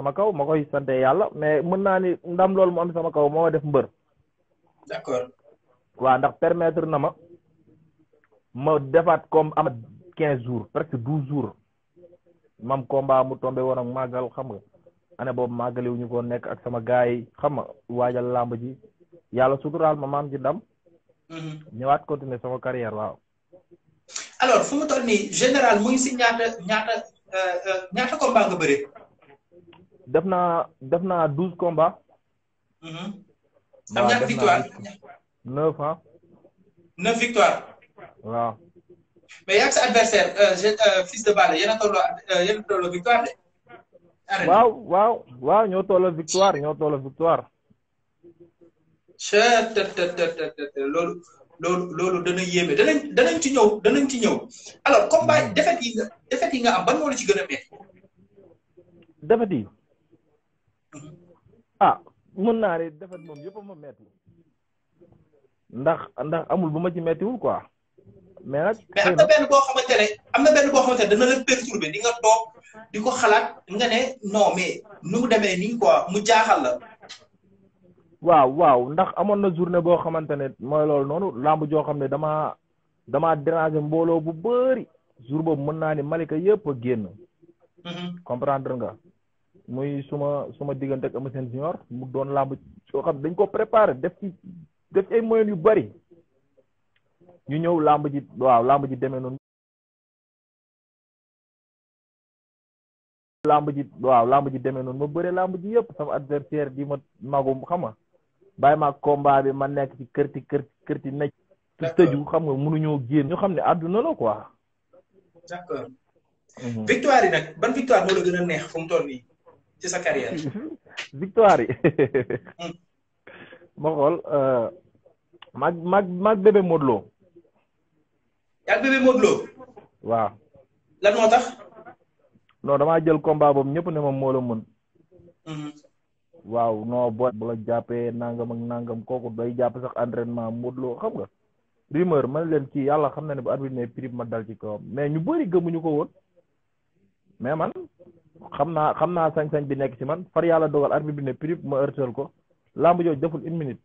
sama kaw ma koy sante yàlla mais mën naa ni ndam loolu mu am sama kaw moo def mbër. d'accord. waaw ndax permettre na ma ma defaat kom amat quinze jours presque douze jours mam komba mu tombé woon ak màggal xam nga année boobu màggali wu ñu nekk ak sama gaay yi xam nga waajal làmb ji yàlla suturaal ma maam ji ndam. Mm-hmm. ñëwaat continuer sama ñaata ñaata euh, euh, nga bëre. def naa def naa douze combats. Mm-hmm. am ñaata victoire neuf ah. neuf victoire. waaw. mais yaa ngi adversaire euh, euh, fils de Balla yéen a euh, victoire de. waaw waaw waaw ñoo tolloo victoire ñoo tolloo victoire. chet loolu loolu loolu dana yéeme danañ danañ ci ñëw danañ ci ñëw alors combat hmm. défaite yi nga yi nga am ban moo ci gën metti défaite yi. ah mën naa ne defet moom yëpp ma metti ndax ndax amul bu ma ci mettiwul quoi mais nag mais am na benn boo xamante ne am na benn boo xamante ne dana di ko xalaat nga ne non mais nu mu demee nii quoi mu jaaxal la waaw waaw ndax amoon na journée boo xamante ne mooy loolu noonu làmb joo xam ne damaa damaa déranger mbooloo bu bëri jour boobu mën naa ni Malika yëpp a génn mm-hmm. comprendre nga muy suma suma diggante ak Eumeu Sène junior mu doon làmb soo xam dañ ko préparé def ci def ay moyens yu bari ñu ñëw làmb ji waaw làmb ji demee noonu lamb ji waaw lamb ji demee noonu ma bëre lamb ji yëpp sama adversaire di ma magum xam ma bàyyi ma combat bi ma nekk ci kërti kërti kërti nekk ci tëju xam nga mënuñoo génn ñoo xam ne àdduna la quoi mhm. victoire yi nag ban victoire moo la gën a neex fu mu toll ci sa carrière. victoire yi. ma xool euh, maag maag maag bébé Modou waaw. lan moo damaa jël combat boobu ñëpp ne moom moola la mën. Mhm. waaw non boo bu jàppee nangam ak nangam kooku day jàpp sax entraînement Modou Lo xam nga. rumeur man leen kii yàlla xam na ne bu arbitre ne prix ma dal ci kawam mais ñu bëri gëmuñu ko woon mais xam naa xam naa sañ-sañ bi nekk ci man far yàlla dogal arbitre bi ne prip ma heurteel ko lamb jooju deful une minute.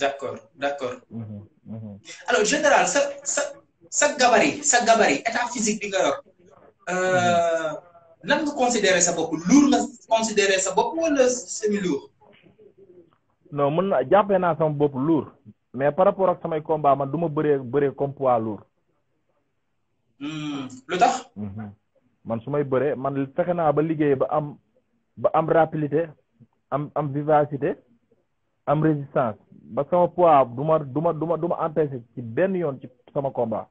d'accord d'accord. Mhm, mhm. alors général sa sa sa gabarit sa gabarit état physique bi nga yor. lan euh, mhm. nga considéré sa bopp lourd nga considéré sa bopp wala semi lourd. mën na jàppee naa sama bopp lourd mais par rapport ak samay combat man du ma bëree bëree comme poids hmm, lu tax. man su may bëree man fexe naa ba liggéey ba am ba am rapidité am am vivacité am résistance ba sama poids du ma duma duma du ma ci benn yoon ci sama combat.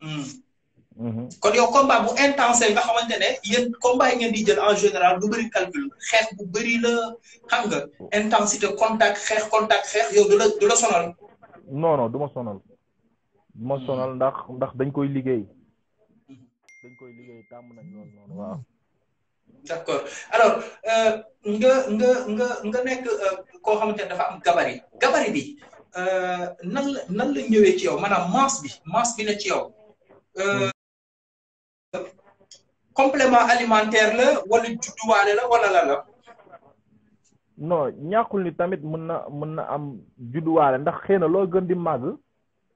Hmm. Mhm. kon yow combat bu intense nga xamante ne combat yi di jël en général lu bëri calcul xeex bu bëri la xam nga intensité contact xeex contact xeex yow du la du la sonal. non non du ma sonal. du ma hmm. ndax ndax dañ koy liggéey. dañ koy liggéey tàmm nañ loolu noonu waaw d'accord alors euh, nga nga nekk euh, koo xamante ne dafa am gabari gabari bi euh, nan la nan la ñëwee ci yow maanaam masse bi masse bi ne ci yow complément alimentaire la wala judduwaale la wala la la non ñàkkul ni tamit mën na mën na am judduwaale ndax xëy na loo gën di màgg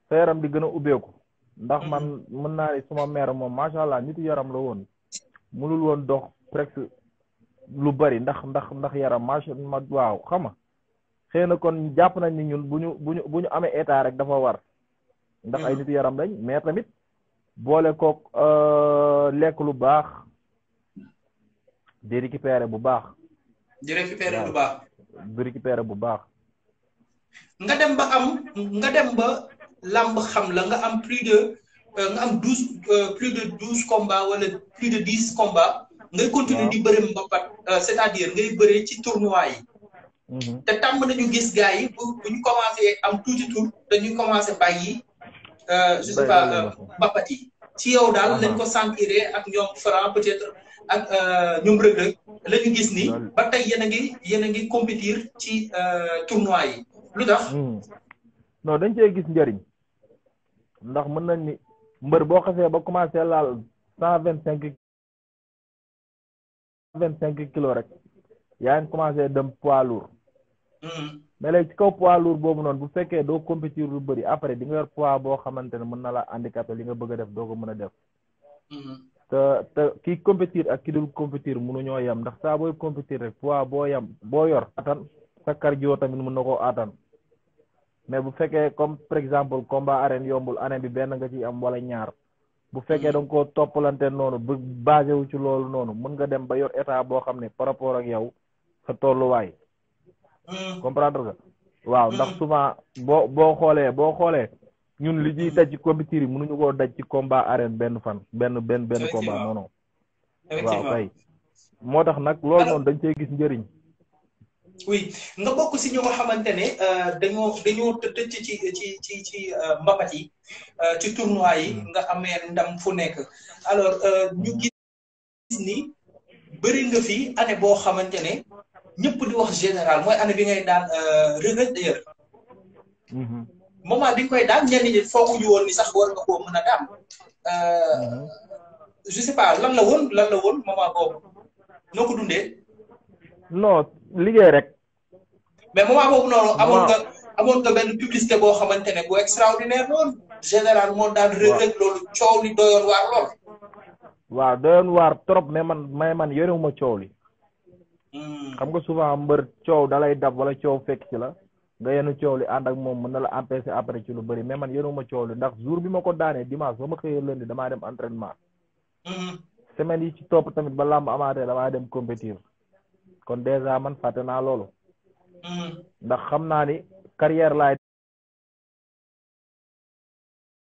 sa yaram di gën a ubbeeku ndax mm-hmm. man mën naa ne suma mère moom macha allah nitu yaram la woon mënul woon dox presque lu bari ndax ndax ndax yaram macha ma waaw xam nga xëy na kon jàpp nañ ni ñun bu ñu bu ñu bu ñu amee état rek dafa war ndax ay mm-hmm. nitu yaram lañ mais tamit boole kook euh, lekk lu baax di récupérer bu baax di récupérer bu baax di récupérer bu baax nga dem ba am nga dem ba làmb xam la nga am plus de euh, nga am douze euh, plus de douze combats wala plus de dix combats. ngay continuer di bëri mbapat euh, c'est-à-dire ngay bëri ci tournoi yi. Mhm. te tàmm nañu gis gars yi bu bu ñu commencé am tuuti tour dañuy commencé bàyyi. je sais pas mbapat yi. ci yow daal lañ ko sentiré ak ñoom Franc peut-être ak ñoom Reug Reug la ñu gis ni ba tey yéen a ngi yéen a ngi compétir ci tournoi yi lu tax. Hmm. non dañ cee gis njëriñ. ndax mën nañ ni mbër boo xasee ba commencé laal cent vingt cinq vingt cinq kilo rek yaa ngi commencé dem poids lourd mm-hmm. mais léegi ci kaw poids lourd boobu noonu bu fekkee doo compétir lu bëri après di nga yor poids boo xamante ne mën na laa handicapé li nga bëgg a def doo ko mën a def mm-hmm. te te kii competir ak ki dul compétir mënuñoo yem ndax saa booy compétir rek poids boo yam boo yor attan sa cardio tamit mën na koo attan mais bu fekkee comme par exemple combat arène yombul année bi benn nga ciy am wala ñaar bu fekkee hmm. da nga koo toppalante noonu bu basé ci loolu noonu mën nga dem ba yor état boo xam ne par rapport ak yow sa tolluwaay. Hmm. comprendre nga. waaw ndax hmm. souvent bo boo xoolee boo xoolee ñun li ciy daj ci compétiteur yi mënuñu koo daj ci combat arène benn fan benn benn benn combat non waaw kay moo tax nag lool noonu dañ cey gis njëriñ. oui nga bokk si ñu nga xamante ne euh, dañoo dañoo tëj ci ci ci ci euh, mbapat yi euh, ci tournoi yi mm. nga amee ndam fu nekk alors ñu gis ni bëri nga fi année boo xamante ne ñëpp di wax général mooy année bi ngay daan rëgëj d'ailleurs mm-hmm. moment bi nga koy daan ñenn ñi foogu ñu woon ni sax war nga koo mën a daan mm-hmm. je sais pas lan la woon lan woon moment boobu noo ko dundee non liggéey rek. mais moment boobu noonu. amoon nga amoon nga benn publicité boo xamante ne bu extraordinaire lool. général moo daan rëg loolu coow li doyoon waar lool. waaw doyoon waar trop mais man mais man yorewuma coow li. Hmm. xam nga souvent mbër coow da lay dab wala coow fekk ci la. nga yenu coow li ànd ak moom mën na la empêcher après ci lu bëri mais man yenuma coow li ndax jour bi ma ko daanee dimanche ba ma xëyee lundi damaa dem entraînement. Hmm. semaine yi ci topp tamit ba làmb amaatee damaa dem compétir. kon dèjà man fàtte naa loolu hmm. ndax xam naa ni carrière laay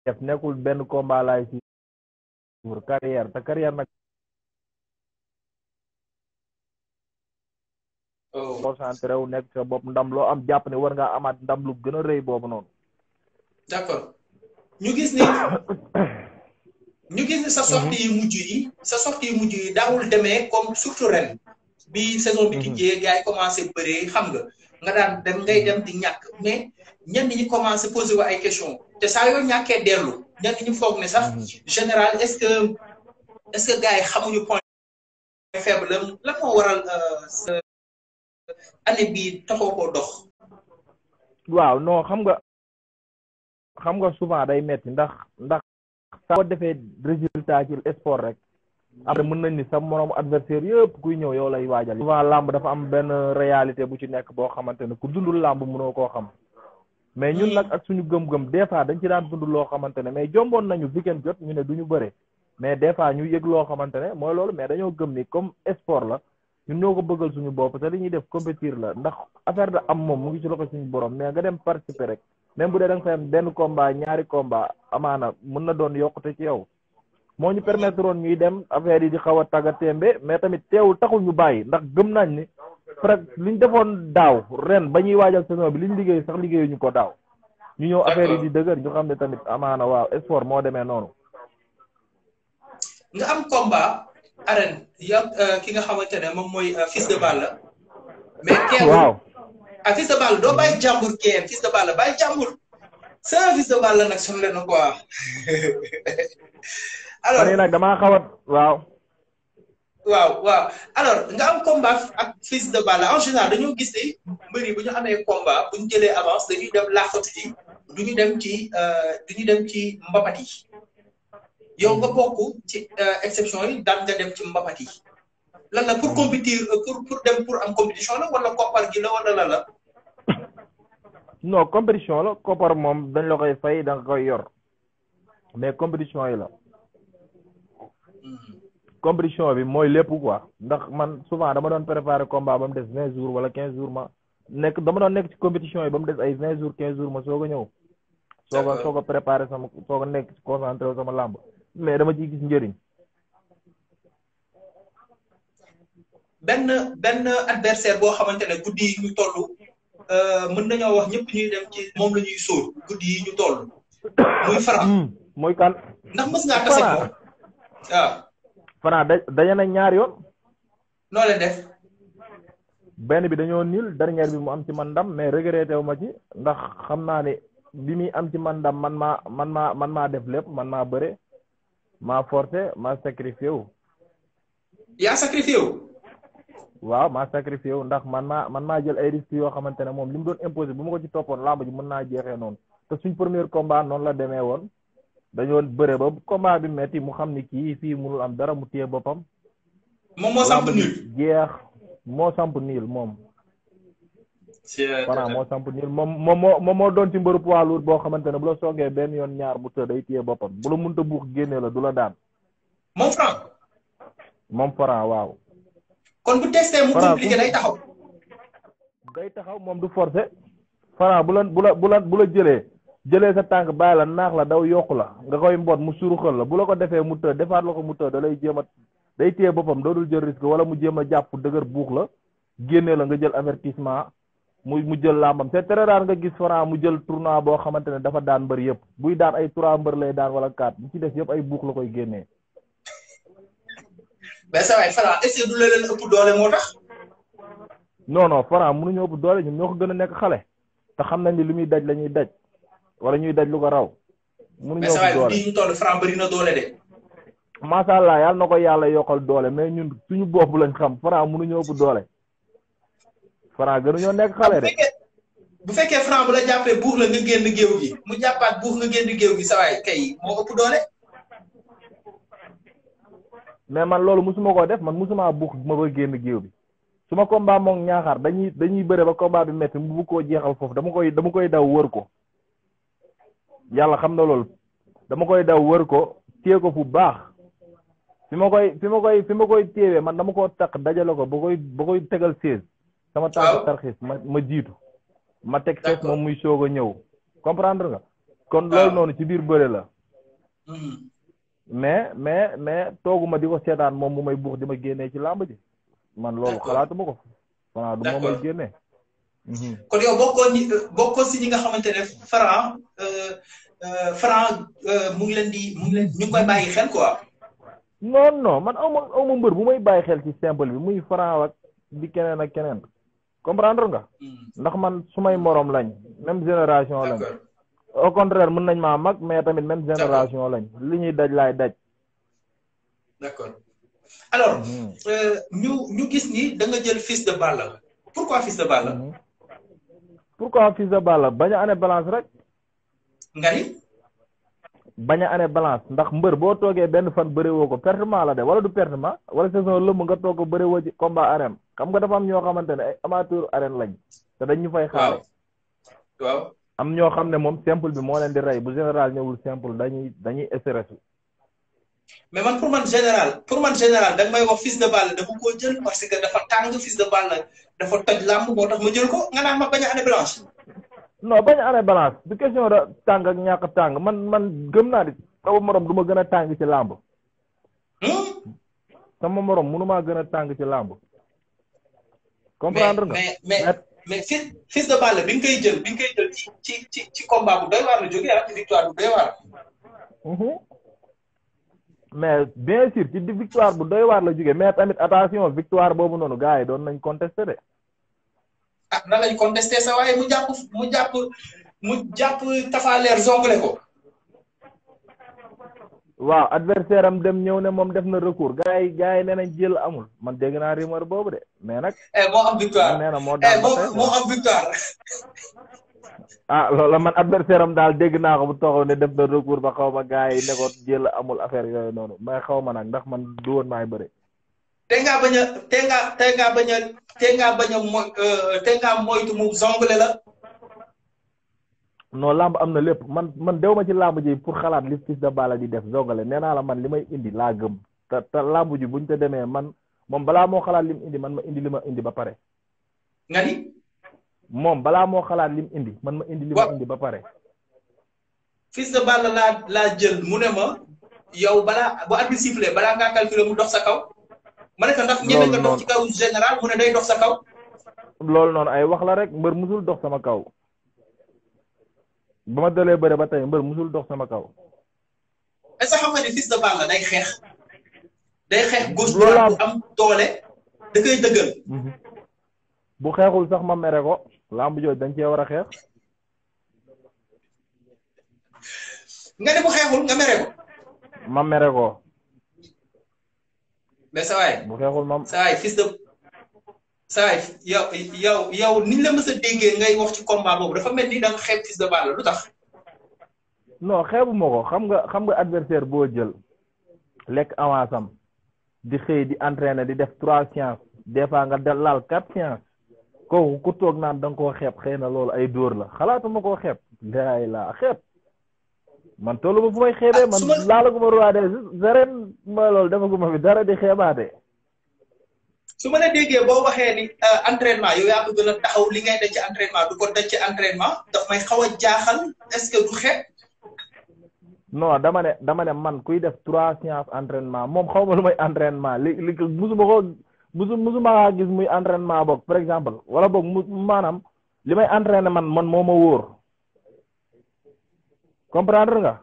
def nekkul benn combat laay pour carrière te carrière nag oh. concentré wu nekk sa bopp ndam loo am jàpp ne war ngaa amaat gën a rëy boobu noonu d'accord ñu gis ni ñu gis ni sa sortie yu mujj yi sa sortie yu mujj yi daawul demee comme surtout bi saison bi tijjee mhm. gars yi commencé bëree xam nga nga daan dem ngay dem di ñàkk mais ñenn ñi commencé posé wu ay question te saa yoo ñàkkee dellu ñenn ñi foog ne sax mhm. général est-ce que est xamuñu point faible am lan waral euh, année bii taxoo koo dox waaw non xam nga xam nga souvent day metti ndax ndax saa defee résultat ci rek après mën nañ ni sa moroom adversaire yëpp kuy ñëw yow lay waajal waa làmb dafa am benn réalité bu ci nekk boo xamante ne ku dundul làmb mënoo koo xam mais ñun nag ak suñu gëm-gëm des fois dañ ci daan dund loo xamante ne mais jomboon nañu weekend jot ñu ne du ñu bëre mais des fois ñu yëg loo xamante ne mooy loolu mais dañoo gëm ni comme sport la ñun ñoo ko bëggal suñu bopp te li ñuy def compétir la ndax affaire da am moom mu ngi ci loxo suñu borom mais nga dem participer rek même bu dee da benn combat ñaari combat amaana mën na doon yokkute ci yow moo ñu permettre woon ñuy dem affaire yi di xaw a tàgga témbe mais tamit teewul taxul ñu bàyyi ndax gëm nañ ni pare liñ defoon daaw ren ba ñuy waajal saison bi liñ liggéey sax liggéeyuñu ko daaw ñu ñëw affaire yi di dëgër ñu xam ne tamit amaana waaw sport moo demee noonu nga am combat arène euh, ki nga xamante ne moom mooy euh, fils de la mais teewul waaw ah fils de doo bàyyi jàmbur kenn fils de balle bàyyi jàmbur sa fils de balle nag sonle na quoi alors man nag damaa xaw waaw. waaw waaw alors nga am combat ak Fils de Balla en général dañoo gis ne mbër yi bu ñu amee combat bu ñu jëlee avance dañuy dem laaxatu ji du ñu dem ci euh, du ñu ci mbapat yow nga bokk ci euh, exception yi daan nga dem ci mbapat yi lan la pour compétir euh, pour pour dem pour am compétition la wala koppar gi la wala lan la. non compétition la koppar moom dañ la koy fay da nga koy yor mais compétition yi la. compétition bi mooy lépp quoi ndax man souvent dama doon préparer combat ba mu des vingt jours wala quinze jours ma nekk dama doon nekk ci compétition yi ba mu des ay vingt jours quinze jours ma soog a ñëw. soo ko préparer sama soo ko nekk concentré sama làmb mais dama ciy gis njëriñ. benn benn adversaire boo xamante ne guddi yi ñu toll euh, la ñuy muy Franc. Hmm, mooy kan. ndax mës ngaa tase ko Franc da daje na ñaar yoon. noo leen def. benn bi dañoo niil dernier bi mu am ci man ndam mais regretté wu ma ci ndax xam naa ne bi muy am ci man ndam man maa man maa man maa def lépp man maa bëre maa forcé maa sacrifié wu. yaa sacrifié wu. waaw maa sacrifié wu ndax man maa jël ay risques yoo xamante ne moom li mu doon imposé bu ma ko ci toppoon lamb ji mën naa jeexee noonu te suñ premier combat noonu la demee woon. dañoon bëre ba combat bi metti mu xam ni kii fii munul am dara mu téye boppam. moom moo samp niil jeex moo samp niil moom. voilà moo samp niil moom moom doon ci mbëru poids boo xamante ne bu la songee ñaar mu të téye boppam bu mënta buux génnee la du la daan. moom waaw. kon bu testé mu compliqué day taxaw. day taxaw moom du forcé. Franc bu la bu la bu la bu la jëlee. jële sa tànk bàyyi la naax la daw yokku la nga koy mboot mu suruxal la bu la ko defee mu të defaat la ko mu të da lay jéem a day téye boppam doo dul jël risque wala mu jéem a jàpp dëgër buux la génnee la nga jël avertissement mu mu jël làmbam c'est très rare nga gis Franc mu jël tournoi boo xamante ne dafa daan mbër yëpp buy daan ay trois mbër lay daan wala kaat bu ci des yëpp ay buux la koy génnee. mais sa waay Franc est-ce que du la leen ëpp ñoo ko gën a nekk xale te xam nañ ni li muy daj la ñuy daj. wala ñuy daj lu ko raw. mënuñoo mais ñu toll na ko yàlla yokkal doole mais ñun suñu bopp lañ xam Franc mënuñoo ëpp doole. Franc gënuñoo bu fekkee Franc bu la jàppee buux la koo def man musuma buux ma ba génn géew bi. su ma combat moom ñaaxaar dañuy dañuy bëre ba combat bi metti mu koo jeexal foofu dama koy dama koy daw wër ko. yàlla xam na loolu dama koy daw wër ko téye ko fu baax fi ma koy fi ma koy fi ma koy téewee man dama koo takk dajale ko ba koy ba koy tegal seize sama tànk tarxiis ma ma jiitu ma teg fees moom muy soog a ñëw comprendre nga kon loolu noonu ci biir bëre la hmm. mais mais mais tooguma di ko seetaan moom mu may buux di ma génnee ci làmb ji man loolu xalaatuma ko xanaa du moom may génnee Mhm. kon yow bokkoo ñi si ñi nga xamante ne euh, euh, euh, mu ngi leen di mu ngi leen ñu ngi bàyyi xel quoi. non non man aw ma mbër bu may bàyyi xel ci simple bi muy Franc ak di keneen ak keneen comprendre nga. Hmm. ndax man su may morom lañ même génération lañ. au contraire mën nañ maa mag mais tamit même génération lañ li ñuy daj lay daj. alors. Hmm. ñu gis ni da jël fils de la pourquoi fils de Balla. Hmm. pourquoi Fils de Balla bañ a ane balance rek. nga ni. bañ a ane balance ndax mbër boo toogee benn fan bëriwoo ko pertement la de wala du pertement wala saison lëmm nga toog ko bëriwoo ci combat arène xam nga dafa am ñoo xamante ne ay amateur arène lañ te dañ ñu fay. xaare waaw am ñoo xam ne moom simple bi moo leen di rey bu général ñëwul simple dañuy dañuy stress mais man pour man général pour man général da may wax fils de balle dama koo jël parce que dafa tàng fils de balle dafa toj làmb moo tax ma jël ko nga ma bañ a année blanche. non bañ a année blanche du question da tàng ak ñàkk a tàng man man gëm naa ni sama morom du gën a tàng ci làmb. Hmm? sama morom mënu maa gën a tàng ci làmb. comprendre nga mais mais fils fils de balle bi nga koy jël bi nga ci ci ci combat bu doy waar la jógee ah victoire bu doy waar. Mhm. mais bien sûr ci victoire bu doy waar la jóge mais tamit attention victoire boobu noonu gars yi doon nañ contesté de. ah na lañ contesté mu jàpp mu jàpp mu jàpp tafaaleer zongle ko. dem ñëw ne moom def na recours gars yi gars yi nee nañ jël amul man dégg naa rumeur boobu de mais nag. Eh, moo am victoire nee moo daan eh, moo am victoire. ah loolu la man adversaire am daal dégg naa ko bu taxaw ne def na recours ba xaw ma gars yi ne ko amul affaire yooyu noonu mais xaw ma nag ndax man du woon maay bëre. te ngaa bañ a te ngaa te a te ngaa euh, la. non làmb am na lépp man man dew ma ci làmb ji pour xalaat li Fils de Balla di def zongale nee naa la man li may indi laa gëm te te làmb ji buñ te demee man moom balaa moo xalaat li indi man ma indi li ma indi ba pare. nga ni. moom balaa moo xalaat lim indi man ma indi li indi ba pare. fils de balle laa laa jël mu ne ma yow balaa bu arbitre sifflé balaa ngaa calculer mu dox sa kaw. ma ne ko ndax ñeme nga dox ci kaw général mu ne day dox sa kaw. loolu noonu ay wax la rek mbër musul dox sama kaw. ba ma dalee bëre ba tey mbër musul dox sama kaw. est-ce que xam nga ni fils de balle day xeex. day xeex gauche droite am doole da koy dëggal. Mhm. bu xeexul sax ma mere ko lamb jooj dañ cee war a xeex. nga ne bu xeexul nga mere ko. ma mere ko. mais sa bu xeexul ma sa waay de sa waay yow yow yow la mës déggee ngay wax ci combat boobu dafa mel ni da nga xeeb fils de Balla lu tax. non xeebu ma ko xam nga xam nga adversaire boo jël lekk avance am di xëy di entraîner di def trois séances des fois nga dal laal quatre séances. ko ku toog naan da nga koo xeeb xëy na loolu ay dóor la xalaatuma koo xeeb laay la xeeb man tollu ma fu may xeebee ah, man laalaguma roi des arènes ma loolu defaguma fi dara di xeebaate su ma la déggee boo waxee ni euh, entraînement a taxaw li ngay ci entraînement du ko ci entraînement daf may xaw a jaaxal est ce que du xeeb non dama ne dama ne man kuy def trois séances entraînement moom xaw ma lu may entraînement li li musuma ko musu musuma gis muy entraînement boog par exemple wala boog mu maanaam li may entraîné man man moo ma wóor comprendre nga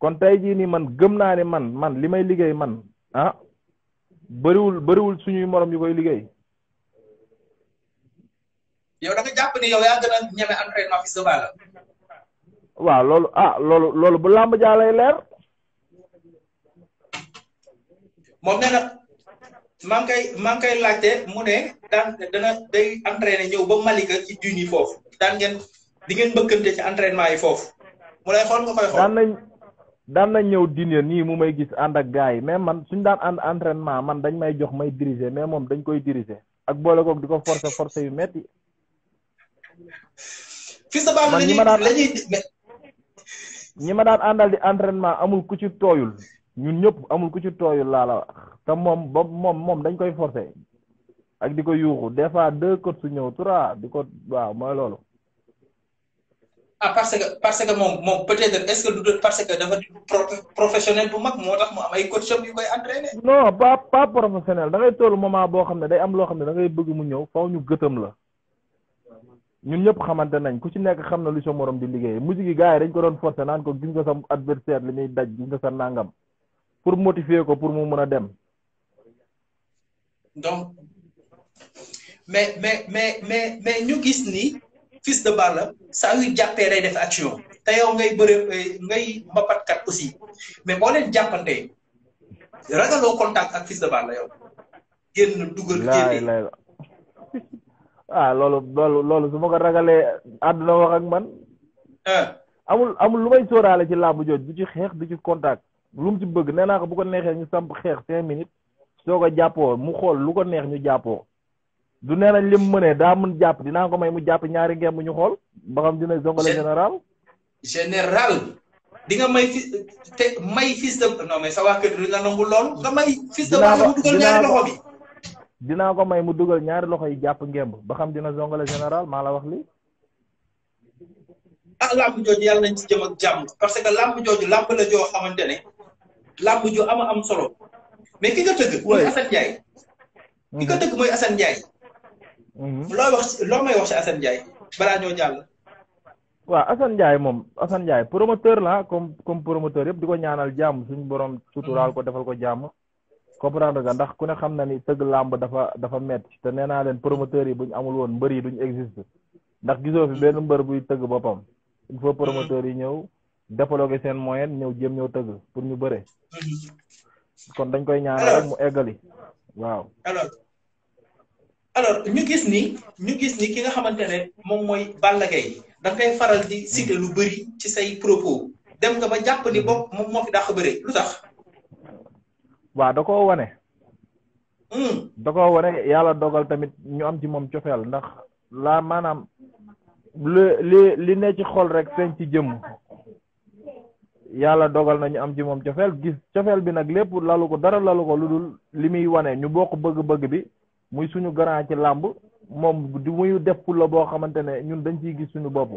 kon tey jii nii man gëm naa ne man man li may liggéey man ah bariwul bëriwul suñuy moroom yi koy liggéey. yow da nga jàpp ni yow yaa gën a ñeme entraînement Fils de waaw loolu ah loolu loolu bu làmb jaa leer. moom nee maa ngi koy maa koy laajte mu ne daan dana day entraîné ñëw ba yi foofu daan ngeen di ngeen bëkkante ci entraînement yi foofu mu lay xool nga koy xool. daan nañ ñëw din nii mu may gis ànd ak gars yi mais man suñu daan ànd entraînement man dañ may jox may diriger mais moom dañ koy diriger ak boole koog di ko forcer forcer yu metti fii sa baax la ñuy la ñuy ñi ma daan àndal di entraînement amul ku ci tooyul ñun ñëpp amul ku ci tooyu laala te moom ba moom moom dañ koy forcer ak di ko yuuxu des fois deux cotes su ñëw trois di ko waaw mooy loolu. ah parce que parce que moom moom peut-être est que du doon parce que dafa di professionnel bu mag moo tax mu am ay coach yu koy entraîner. non pas pas professionnel da ngay toll boo xam ne day am loo xam ne da ngay bëgg mu ñëw faw ñu gëtëm la ñun ñëpp xamante nañ ku ci nekk xam na lu sa morom di liggéey mujj gi gars yi ko doon forcer naan ko gis nga sa daj gis nangam. pour motiver ko pour mu mën a dem. donc mais mais mais mais mais ñu gis ni Fils de Balla saa yu jàppee day def action te yow ngay bëre eh, ngay mbapatkat aussi mais boo leen jàppante ragaloo contact ak Fils de Balla yow. génn dugal génne ah loolu loolu loolu su ma ko ragalee àdduna wax ak man. Ah. amul amul lu may sóoraale ci làmb jooj du ci xeex du ci contact. lu mu ci bëgg nee naa ko bu ko neexee ñu samp xeex cinq minutes soo ko jàppoo mu xool lu ko neex ñu jàppoo du nee nañ lim mënee daa mën jàpp dinaa ko may mu jàpp ñaari ngemb ñu xool ba xam dina zongale général général di nga may la nangu loolu nga may mu dugal ñaari loxo bi dinaa ko may mu dugal ñaari loxo yi jàpp ngemb ba xam dina zongale général maa la wax li ah làmb jooju yàlla nañ ci jëm ak parce que làmb jooju làmb la joo xamante ne làmb ju ama am solo mais ki nga tëgg. mooy Assane Ndiaye. ki mhm. mooy mhm. wax si Assane Ndiaye balaa ñoo jàll. waa Assane Ndiaye moom Assane Ndiaye promoteur la comme promoteur yëpp di ko ñaanal jàmm suñu borom suturaal ko defal ko jàmm. comprendre nga ndax ku ne xam na ni tëgg làmb dafa dafa metti te nee naa leen promoteurs yi buñ amul woon mbër yi duñ existe ndax gisoo fi benn mbër buy tëgg boppam il faut mhm. promoteurs yi ñëw. déplogué seen moyen ñëw jëm ñëw tëgg pour ñu bëre. Mhm. kon dañ koy ñaar rek mu eggali waaw. alors alors ñu gis ni ñu gis ni ki nga xamante ne moom mooy Balla Gaye da ngay faral di citer lu bëri ci say propos dem nga ba jàpp ni bopp moom moo fi dàq bëre lu tax. waaw da koo wane. Hmm. da koo wane yàlla dogal tamit ñu am ci moom cofeel ndax laa maanaam li li li ne ci xol rek feeñ ci jëmm. yàlla dogal na ñu am ci moom cofeel gis cofeel bi nag lépp lalu ko dara lalu ko lu dul li muy wane ñu bokk bëgg-bëgg bi muy suñu grand ci làmb moom di muy def la boo xamante ne ñun dañ ciy gis suñu bopp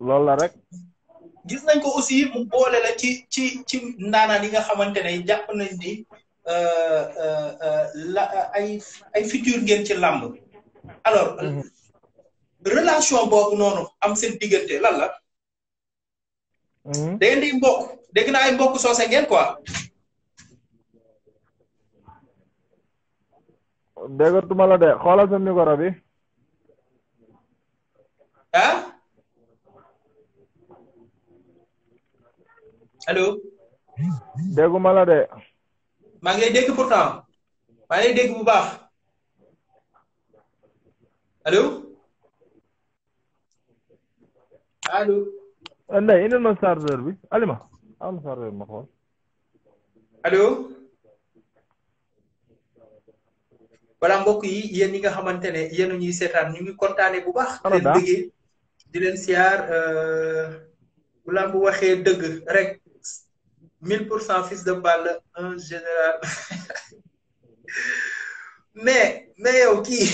loolu la rek. gis nañ ko aussi mu boole la ci ci ci ndaanaan yi nga xamante ne jàpp nañ ni euh, euh, la ay ay futur ngeen ci làmb alors mm-hmm. relation boobu noonu am seen diggante lan da ngeen di mbokk dégg naa ay mbokk soose ngeen quoi. déggatuma la de xoolal sa micro bi. ah. allo. dégguma de. maa ngi lay dégg pourtant maa ngi lay Ndeye indil ma chargeur bi Alima am na ma xool. allo. voilà mbokk yi yéen ñi nga xamante ne yéen ñuy seetaan ñu ngi kontaanee bu baax. di leen bëggee di leen siyaar euh, bu lamb waxee dëgg rek mille pour cent fils de balle un général mais mais yow kii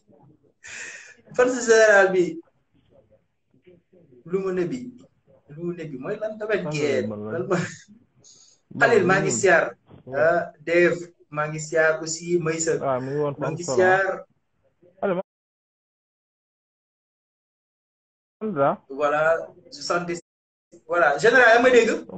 fan général bi. lu mu nabi lu mu nabi mooy lan tabal jeer xalil maa ngi siyaar ah, Dave maa ngi siyaar aussi Maysa ah, maa ngi siyaar voilà soixante voilà général ma dégg